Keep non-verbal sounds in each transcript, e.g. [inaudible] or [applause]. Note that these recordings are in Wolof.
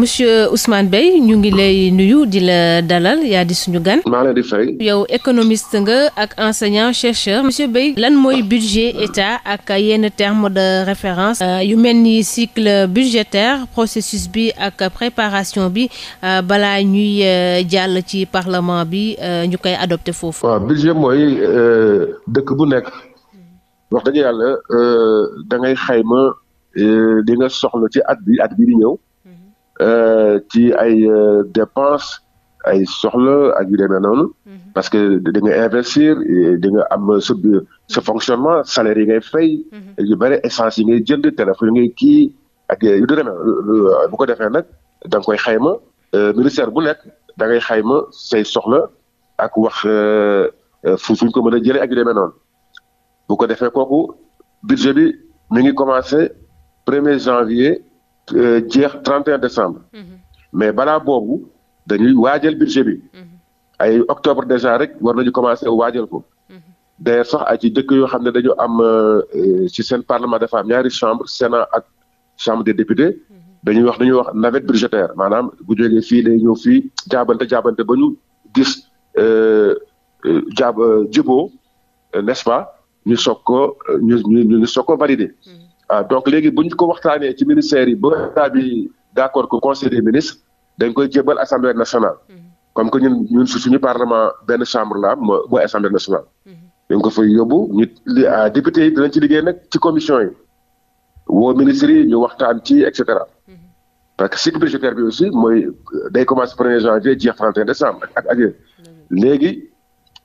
monsieur Ousmane Beye ñu ngi lay nuyu di la dalal yaa di suñu gan. maa leen di fay. yow économiste nga ak enseignant chercheur. monsieur Beye lan mooy budget état ak yenn terme de référence euh, yu mel ni cycle budgétaire processus bi ak préparation bi euh, bala ñuy euh, jàll ci parlement bi ñu koy adopté foofu. waaw budget mooy dëkk bu nekk wax dëgg yàlla da xayma di nga soxla ci at bi at bi di ñëw. Euh, ci ay euh, dépenses ay soxla ak yu demee mhm. parce que di nga investir di nga am sa sa mhm. fonctionnement salaire yi ngay fay. Mhm. yu bëri essence yi ngay jënd téléphone yi ngay kii ak yu demee bu ko defee nag da nga koy xayma euh, ministère bu nekk da ngay xayma say soxla ak wax fu suñ ko mën a jëlee ak yu demee ko defee kooku budget bi mi ngi commencé premier janvier. jeex 31 décembre. Mhm. mais balaa boobu dañuy waajal budget bi. Mhm. ay octobre déjà rek war nañu commencer waajal ko. Mhm. d'ailleurs sax ay ci dëkk yoo xam ne dañu am euh, ci seen parlement dafa am ñaari chambre sénat ak chambre de députés dañuy wax dañuy wax navette budgétaire maanaam bu jógee fii day ñëw fii jaabante jaabante ba ñu gis euh, euh, jaab juboo nest pas ñu soog ko ñu ñu ñu soog ah donc léegi bu ñu ko waxtaanee ci ministère yi ba état bi d' accord que conseil des ministres dañ koy jébal assemblée nationale. Mm-hmm. comme que ñun ñun suñu parlement benn chambre la am mooy assemblée nationale. Mm-hmm. dañ ko fay yóbbu ñu li ah, député yi dinañ ci liggéey nag ci commission yi. woo ministres yi ñu waxtaan ci et cetera. Mm-hmm. parce que cycle budgétaire bi aussi mooy day commencé premier janvier jeex 31 décembre ak ak léegi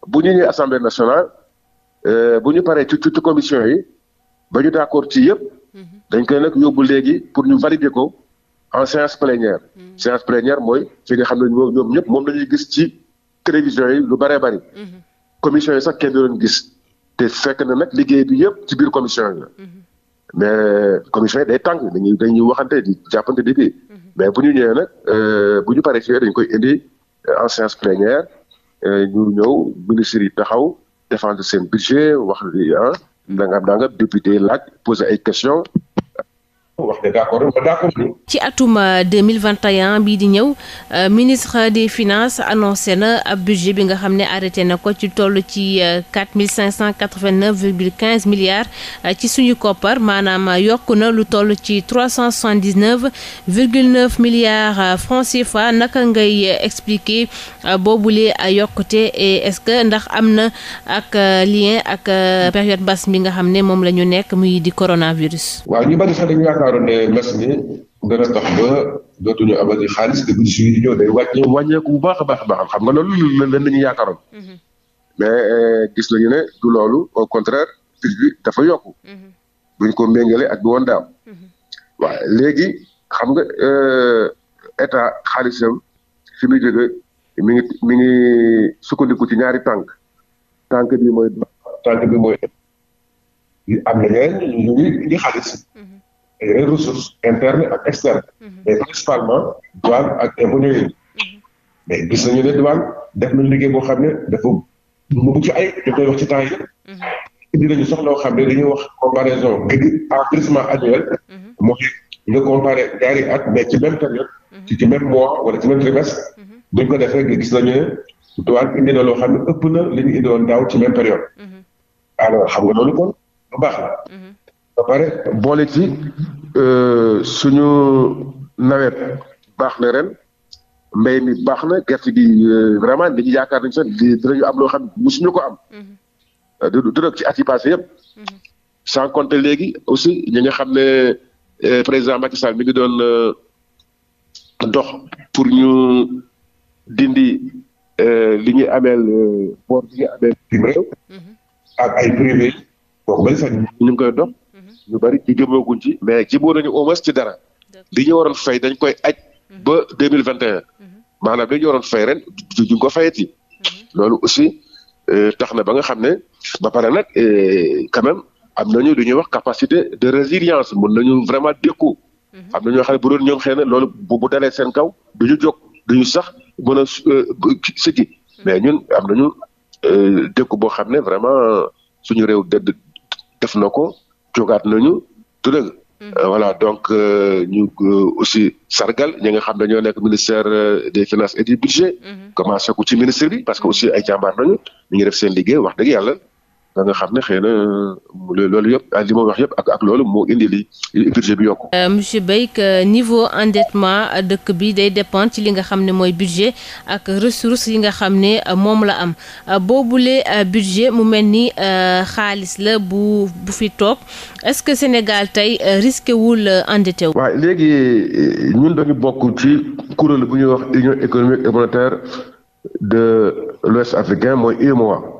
bu ñu ñëwee assemblée nationale euh, bu ñu paree ci ci commission yi. ba ñu d'accord ci yëpp mhm. dañ koy nag yóbbu léegi pour ñu valider ko en séance plénière mhm. séance plénière mooy fi nga xam ne ñoom ñëpp moom lañuy gis ci télévision yi lu bëree bëri mhm. commission yi sax kenn du leen gis te fekk na nag liggéey bi yëpp ci biir commission yi la mais euh, commission yi day tàng dañuy dañuy waxante di jàppante di kii mais bu ñu ñëwee nag euh, bu ñu paree ci dañ koy indi euh, en séance plénière ñu ñëw ministres yi taxaw défendre seen budget wax li ah. da nga da nga député laaj posé ay question wax de d'accord ma d'accord ci atum euh, bii di ñëw euh, ministre des finance annoncé na ab budget bi nga xam ne arrêté na ko ci toll ci 4589 euh, virgule 15 milliards ci suñu koppar maanaam yokk na lu toll ci 379 virgule 9 milliards francs CFA naka ngay expliquer boobule yokkute et est-ce que ndax am na ak lien ak période basse bi nga xam ne moom la ñu nekk muy di coronavirus. yaakaaru ne mbas mi a tax ba dootuñu amati xaalis te bu suñu di ñëw day wàññi wàññeeku bu baax a baax a baax xam nga loolu lan la ñu yaakaaroon. Mhm. mais euh, gis nañu ne du loolu au contraire prix bi dafa yokku. Mhm. buñ ko méngalee ak bi woon daaw. Mhm. waaw léegi xam nga eta euh, xaalisam fi muy jóge mi ngi mi ngi sukkandiku ci ñaari tànk tànk bi mooy tànk bi mooy am na ñeneen ñu ngi xaalis. et les ressources internes ak externes. mais principalement douane ak impôts mhm. mais gis nañu ne douane def nañu liggéey boo xam ne dafa mu ci ay dañ koy wax ci temps yi. Mhm. indi nañu soxla xam ne dañuy wax comparaison crédit enregistrement annuel. Mhm. mooy nga comparé ñaari at mais ci même période. ci ci même mois wala ci même trimestre. buñ ko def rek gis nañu ne douane indi na loo xam ne ëpp na li ñu indi woon daaw ci même période. alors xam nga loolu kon lu baax la. ba pare boole ci euh, suñu nawet baax na ren mbéy mi baax na gerte gi euh, vraiment dañuy yaakaar nañ sax dinañu am loo xam ne ko am. Mm-hmm. Euh, dina ci at yi passé mm-hmm. sans compter léegi aussi ñi nga xam ne président Macky Sall mi ngi doon dox pour ñu dindi li ñuy ameel bor bi nga ameel. Mm-hmm. ay privé. ñu ngi koy dox. ñu bari ci jëmooguñ ci mais jëmoo nañu au moins ci dara li ñu waroon fay dañ koy aj mhm. ba deux mille vingt et un mhm. maanaam li ñu waroon fay ren duñ ko fayati mhm. loolu aussi euh, tax na ba nga xam ne ba pare nag euh, quand même am nañu lu ñuy wax capacité de résilience mën nañu vraiment dékku am na ñoo xam ne bu doon ñoom xëy na loolu bu dalee seen kaw du ñu jóg du sax mën a euh, sëggi mais ñun am nañu dékku boo xam ne vraiment suñu réew def na ko jógaat nañu du dëgg mm-hmm. euh, voilà donc euh, ñu euh, aussi sargal ñi nga xam ne ñoo nekk ministère des finances et du budget mm-hmm. commencé ko ci ministre bi parce que mm-hmm. aussi ay jàmbaar nañu ñu ngi def seen liggéey wax dëgg yàlla da nga xam ne xëy euh, loolu yëpp li yëpp ak ak loolu moo indi li budget bi yokku. Euh, monsieur Mbay niveau endettement dëkk bi day dépendre ci li nga xam ne mooy budget ak ressources yi nga xam ne euh, moom la am boobule budget mu mel ni xaalis la bu bu fi toog est-ce que Sénégal tey risqué wul endetté wu. waaw léegi ñun dañu bokk ci kuréel bu ñuy wax union économique et de l'ouest africain mooy UEMOA.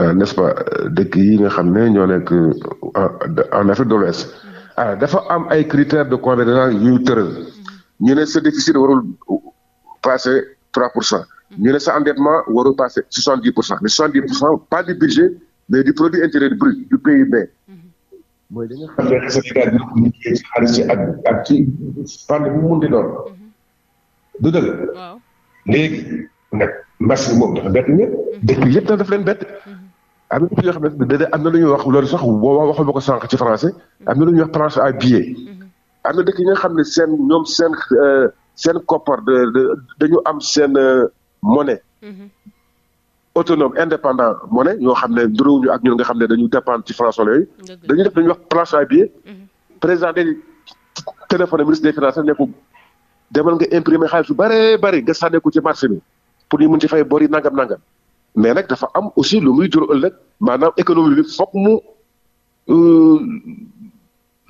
Euh, n'est-ce pas euh, dëkk yi nga xam ne ñoo nekk euh, en Afrique de l'Ouest mm-hmm. ah, dafa am ay critères de convergence yu tëral mm-hmm. ñu ne sa déficit warul passer trois pour cent mm-hmm. ñu ne sa endettement warul passer soixante dix pour cent mais soixante dix pas du budget mais du produit intérieur brut du PIB mooy da nga xam ne Sénégal bi ñu bu mun di doon du dëgg léegi nag mbas mi moom dafa bett ñëpp mhm. yëpp dafa leen bett mhm. am na ñoo xam ne da am na lu ñuy wax loolu sax boo waxal ma ko sànq ci français mhm. am na lu ñuy wax planche à billets am na dëkk yi nga xam ne seen ñoom seen euh, seen koppar dañu am seen euh, monnaie autonome indépendant monnaie ñoo xam ne duruñu ak ñoo nga xam ne dañu dépendre ci français yooyu dañu def dañuy wax planche à billets président day téléphone ministre des finances ne ko demal nga imprimer xaalis bu bare bare nga sànne ci marché bi pour ñu mën ci fay bor yi nangam nangam mais nag dafa am aussi lu muy jural ëllëg maanaam économie bi foog mu euh,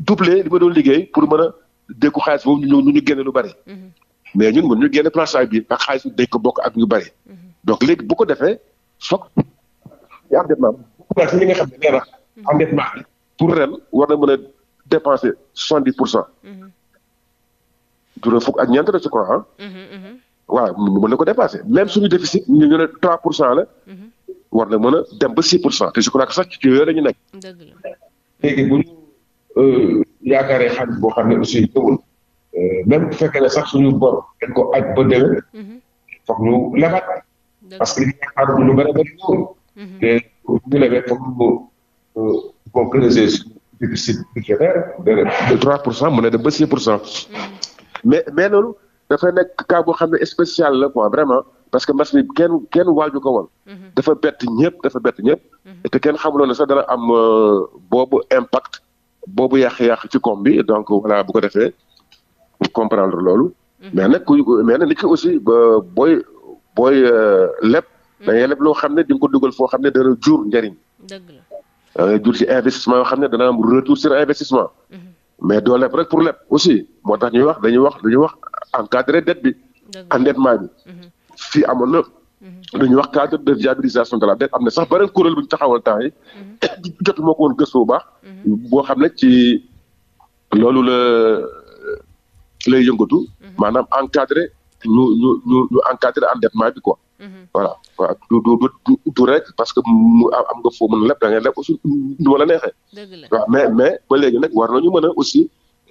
doubler li liggéey pour mën a dékku xaalis boobu ñu ñu génne lu bari. Mm-hmm. mais ñun mën ñu génne planchage bi ak xaalis dañ ko bokk ak ñu bari. Mm-hmm. donc léegi bu ko defee foog ñu endettement population pour ren war mën a dépenser soixante dix pour cent. Mm-hmm. juróom fukk ak ñeent la je crois waaw mën na ko dépasser même suñu déficit ñu ne 3 pour cent la. Mhm. war na mën a dem ba 6 pour cent te je crois sax ci yooyu la ñu nekk. dëgg la léegi bu ñu euh, yaakaaree xaalis xam ne aussi tawul euh, même bu fekkee ne sax suñu bor dañ ko aj ba déwén. Mhm. foog ñu lebat. parce que li ñu yaakaar lu bëri bëri ñëwul. Mhm. te bu ñu lebee foog ñu bon euh, creuser pour cent mën na dem ba 6 pour cent. mais mais loolu. dafa nekk cas boo xam ne spécial la quoi vraiment parce que mbas ken kenn kenn waaju ko woon. Mhm. dafa bett ñëpp dafa bett ñëpp. Mhm. te kenn xamuloon ne sax dana am euh, boobu impact boobu yàq-yàq ci koom bi donc voilà bu ko defee comprendre loolu. Mhm. mais nag ku mais nag nit ki aussi booy booy euh, lépp. da loo xam ne di ko dugal foo xam ne dana jur njëriñ. dëgg la da ngay jur ci investissement yoo xam ne dana am retour sur investissement. mais doo lépp rek pour lépp aussi moo tax ñu wax dañuy wax dañuy wax encadrer dette bi. endettement bi. Mhm. fii amoon na. Mhm. lu ñuy wax cadre de viabilisation de la dette am na sax beneen kuréel bu ñu taxawal temps yi. Mhm. [coughs] jotu moo ko woon gëstu bu xam ne ci loolu la lay yëngatu. maanaam encadrer ñu ñu ñu ñu encadrer endettement bi quoi. voilà waaw du du du rek parce que mu am nga foo mën a leb da ngay leb aussi du ma la neexee. dëgg la waaw mais mais ba léegi war nañu mën a aussi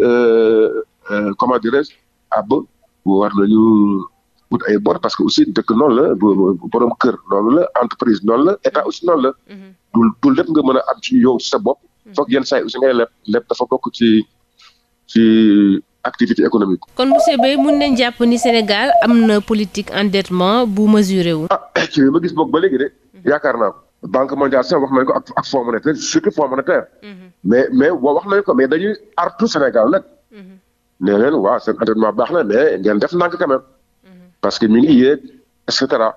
euh, euh, comment àbb war nañu ut ay bor parce que aussi dëkk noonu la borom kër noonu la entreprise noonu la état aussi noonu la. du mm-hmm. du lépp nga mën a am ci yow sa bopp. Mm-hmm. foog yenn saa yi aussi ngay leb leb dafa ci activité économique. kon monsieur Beye mun nañ jàpp Sénégal am na politique endettement bu mesuré wu. ah ci ma gis boog ba léegi de mm-hmm. yaakaar naa ko banque mondiale sax wax nañ ko ak ak surtout fonds mais mais wax nañ ko mais dañuy artu Sénégal nee leen waaw seen entraînement baax na mais ngeen def ndànk quand mhm. parce que mi ngi yéeg et cetera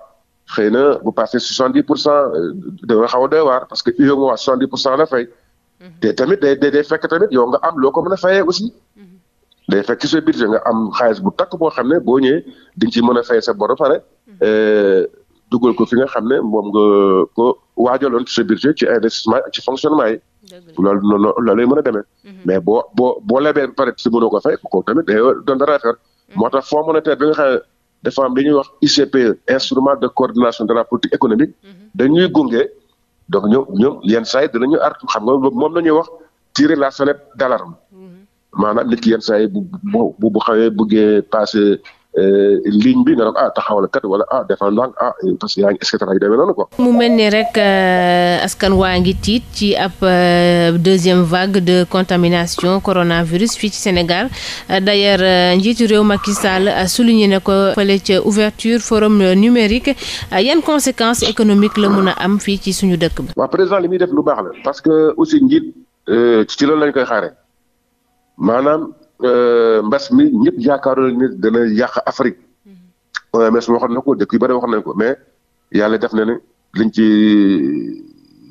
xëy na bu passé soixante dix pour cent euh, da nga xaw a doy waar parce que UE moo wax soixante dix pour fay mhm. tamit day day fekk tamit yow nga am loo ko mën a fayee aussi mhm. day fekk ci sa budget nga am xaalis bu takk boo xam ne boo ñëwee di nga ci mën a fay sa bor ba pare euh, dugal ko fi nga xam ne moom nga ko waajaloon ci sa budget ci investissement ci fonctionnement yi loolu loolu loolu lay mën a demee. Mhm. mais boo boo boo lebee ba pare si mënoo ko fay kooku tamit day doon dara affaire. Mhm. moo tax fonds monétaire bi nga xam ne dafa am li ñuy wax ICPE instrument de coordination de la politique économique. Mhm. dañuy gunge donc ñoom yenn saa yi dinañu moom la wax tirer la sonnette d'alarme maanaam nit yenn saa yi bu xawee bëggee passé. Euh, ligne bi nga doon ah taxawalkat wala ah defal ndànk parce que yaa mu mel ni rek euh, askan waa ngi tiit ci ab euh, deuxième vague de contamination coronavirus fii ci Sénégal d'ailleurs njiitu réew Macky Sall souligné na ko fële ca ouverture forum numérique yan conséquence économique la mun a am fii ci suñu dëkk bi. waaw président li def lu baax la parce que aussi njiit ci loolu lañ koy xaaree maanaam. Euh, mbas mi ñëpp yaakaaroon ni dana yàq Afrique OMS mm-hmm. euh, waxoon na ko dëkk yu bëri wax nañ ko mais yàlla def na ne liñ ci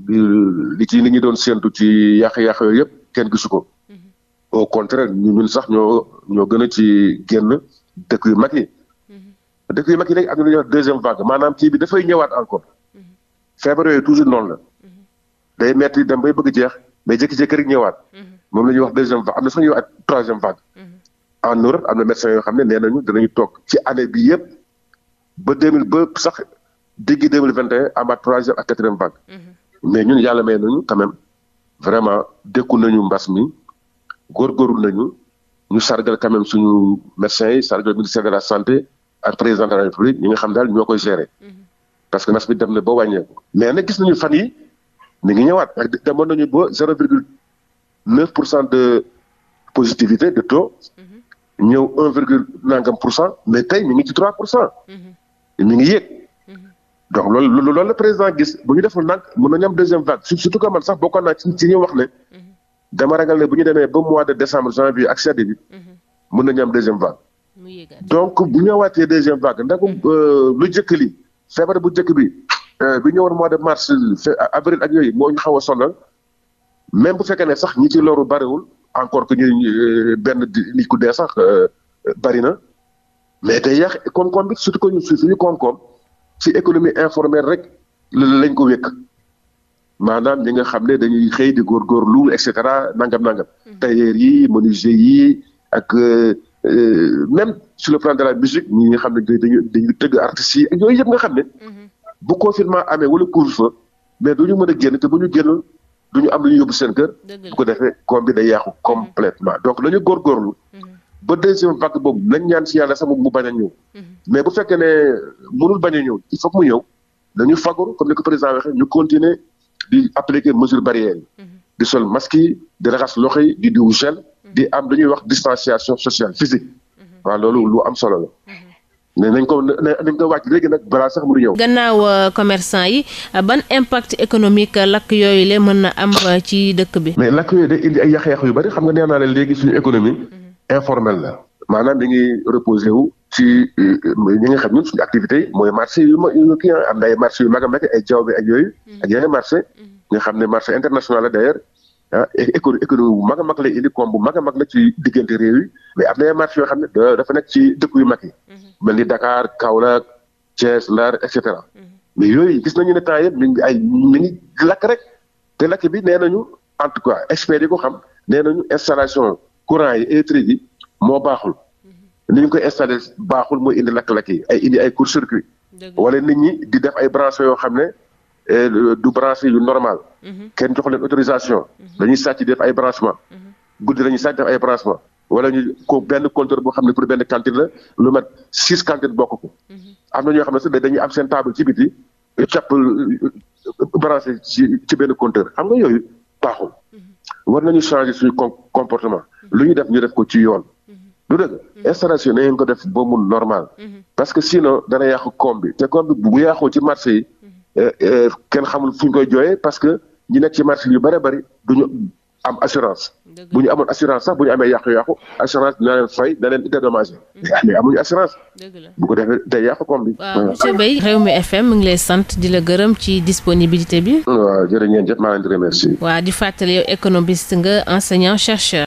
li ci li ñu doon séentu ci yàq-yàq yooyu yëpp kenn gisu ko mm-hmm. au contraire ñun sax ñoo ñoo gën a ci génn dëkk yu mag yi mm-hmm. dëkk yu mag yi nag ak ñuy wax deuxième vague maanaam kii bi dafay ñëwaat encore feebar yooyu toujours noonu la day metti dem bay bëgg jeex mais jékki-jékki rek ñëwaat. moom la ñuy wax deuxième vague am na sax ñuy wax ak troisième vague. Mm-hmm. en Europe am na médecins yoo xam ne nee nañu toog ci année bi yëpp ba deux mille ba sax diggi deux mille vingt et un a troisième ak quatrième vague. Mm-hmm. mais ñun yàlla may nañu quand même vraiment dékku nañu mbas mi góorgóorlu nañu ñu sargal quand suñu médecins yi sargal ministère de la santé ak président la république ñi nga xam daal ñoo koy gérer. Mm-hmm. parce que mbas bi dem na ba wàññeeku. mais nag gis nañu fan yi mi ngi ñëwaat nañu ba zéro 9 pour cent de positivité de taux mm-hmm. ñëw 1 virgule nangam pour cent mais tey ñu ngi ci 3 pour cent ñu mm-hmm. ngi yéeg mm-hmm. donc loolu loolu la président gis bu ñu deful nag mun na ñam deuxième vague surtout que man sax bokkoon naa ci ci ñu wax ne dama ragal ne bu ñu demee ba mois de décembre janvier ak sedd bi mën nañu am deuxième vague donc bu ñëwaatee deuxième vague ndagum euh, lu njëkk li feebar bu njëkk bi euh, bi ñëwoon mois de mars avril ak yooyu moo ñu xaw a sonal même bu fekkee ne sax ñi ci loru bariwul encore que ñuy euh, benn nit ku dee sax euh, bari na mais day yàq koom-koom bi suñu koom ci économie informelle rek lañ ko wékk maanaam ñi nga xam ne dañuy xëy di góorgóorlu lu cetera nangam nangam. Hmm. tailleur yi menuisier yi ak euh, même sur le plan de la musique ñi xam ne dañuy dañuy tëgg yi ak yooyu nga xam ne. Hmm. bu confinement amee wala couvre-feu mais duñu mën a génn te bu ñu génn. du ñu am lu ñu yóbbu seen kër. bu ko defee koom bi day yàqu mm-hmm. complètement donc nañu góorgóorlu. Mm-hmm. ba deuxième vague boobu nañ ñaan si yàlla sax mu bañ a ñëw. Mm-hmm. mais bu fekkee ne mënul bañ a ñëw il mu ñëw nañu fagaru comme ni ko président waxee ñu continuer di appliquer mesure barrière yi. di sol masque di raxas loxo di diw di am lu wax distanciation sociale physique. waaw loolu lu am solo la. ne nañ ko nañ ko wàcc léegi nag balaa sax mu ñëw. gannaaw euh, commerçant yi euh, ban impact économique euh, lakk yooyu la mën na am ci dëkk bi. mais lakk yooyu day yu bari xam nga nee naa leen léegi suñu économie mm-hmm. informelle la maanaam dañuy reposé wu. ci ñi nga xam ñun suñu yu mag yu kii am na yu mag a mag ay jaww bi ak yooyu mm-hmm. ak yeneen marché mm-hmm. nga la ah, a mag lay indi koom bu mag a mag la ci diggante réew yi mais am na ay marché yoo xam ne dafa nekk ci dëkk yu mag yi mel ni Dakar Kaolack Thiès Ndar et cetera mm-hmm. yooyu gis nañu ne temps yëpp mi ngi ay mi ngi rek te lakk bi nee nañu en tout cas experts yi ko xam nee nañu installation courant yi électrique yi moo baaxul mm-hmm. ni ñu koy installé baaxul mooy indi lakk-lakk yi ay indi ay court circuit wala nit ñi di def ay branches yoo xam ne eh, du branche yu normal mm-hmm. kenn jox leen autorisation dañuy sàcc def ay branchement guddi lañuy sàcc def ay branchement wala ñu ko benn compteur boo xam ne pour benn cantine la lu mat six cantine bokk ko mhm. am na ñoo xam ne sax dañuy am seen table ci biti capp euh, branché ci ci benn compteur xam nga yooyu baaxul mhm. war nañu changer suñu comportement mhm. lu ñu def ñu def ko ci yoon du dëgg installation na ngeen ko def ba mu normal parce que sinon dana yàqu koom bi te koom bi bu yàqoo ci marché yi euh, euh, kenn xamul fu ñu koy jooyee parce que ñi nekk ci marché yu bari bari duñu am assurance. bu ñu amoon assurance sax bu ñu amee yàqu-yàqu assurance dina leen fay dina leen dédommagé. Mm. mais amuñu assurance. bu ko defee day yàqu koom bi. waaw monsieur Mbaye Rewmi FM mu ngi lay sant di la gërëm ci disponibilité bi. waaw jërë ngeen jëf maa leen di waa di fàttali yow économiste nga enseignant chercheur.